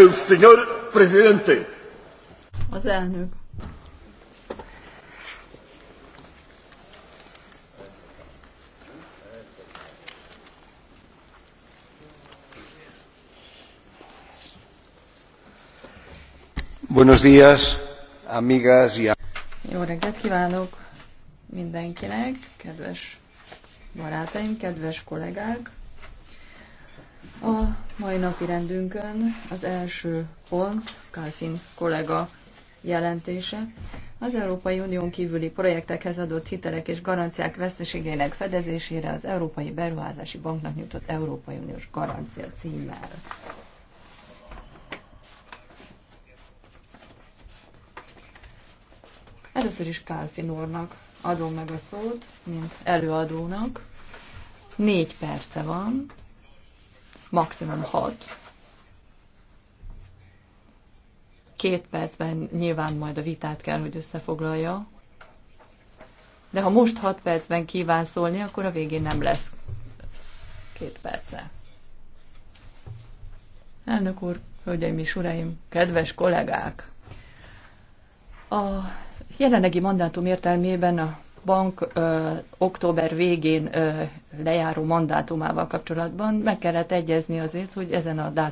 El señor presidente. Az elnök. Buenos días, amigas y Jó reggelt kívánok mindenkinek, kedves barátaim, kedves kollégák. A Mai napi rendünkön az első pont, Kalfin kollega jelentése, az Európai Unión kívüli projektekhez adott hitelek és garanciák veszteségének fedezésére az Európai Beruházási Banknak nyújtott Európai Uniós Garancia címmel. Először is Kálfin úrnak adom meg a szót, mint előadónak. Négy perce van, maximum 6. Két percben nyilván majd a vitát kell, hogy összefoglalja. De ha most 6 percben kíván szólni, akkor a végén nem lesz két perce. Elnök úr, hölgyeim és uraim, kedves kollégák! A jelenlegi mandátum értelmében a bank ö, október végén ö, lejáró mandátumával kapcsolatban meg kellett egyezni azért, hogy ezen a dátumon